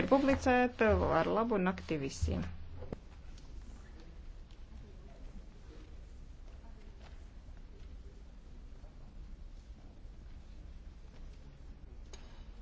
ir publicēta. Ar labu nakti visiem!